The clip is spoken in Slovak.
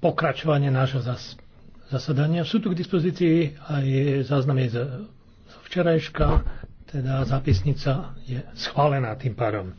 pokračovanie nášho zas, zasadania. Sú tu k dispozícii aj záznamy z, z včerajška, teda zápisnica je schválená tým párom.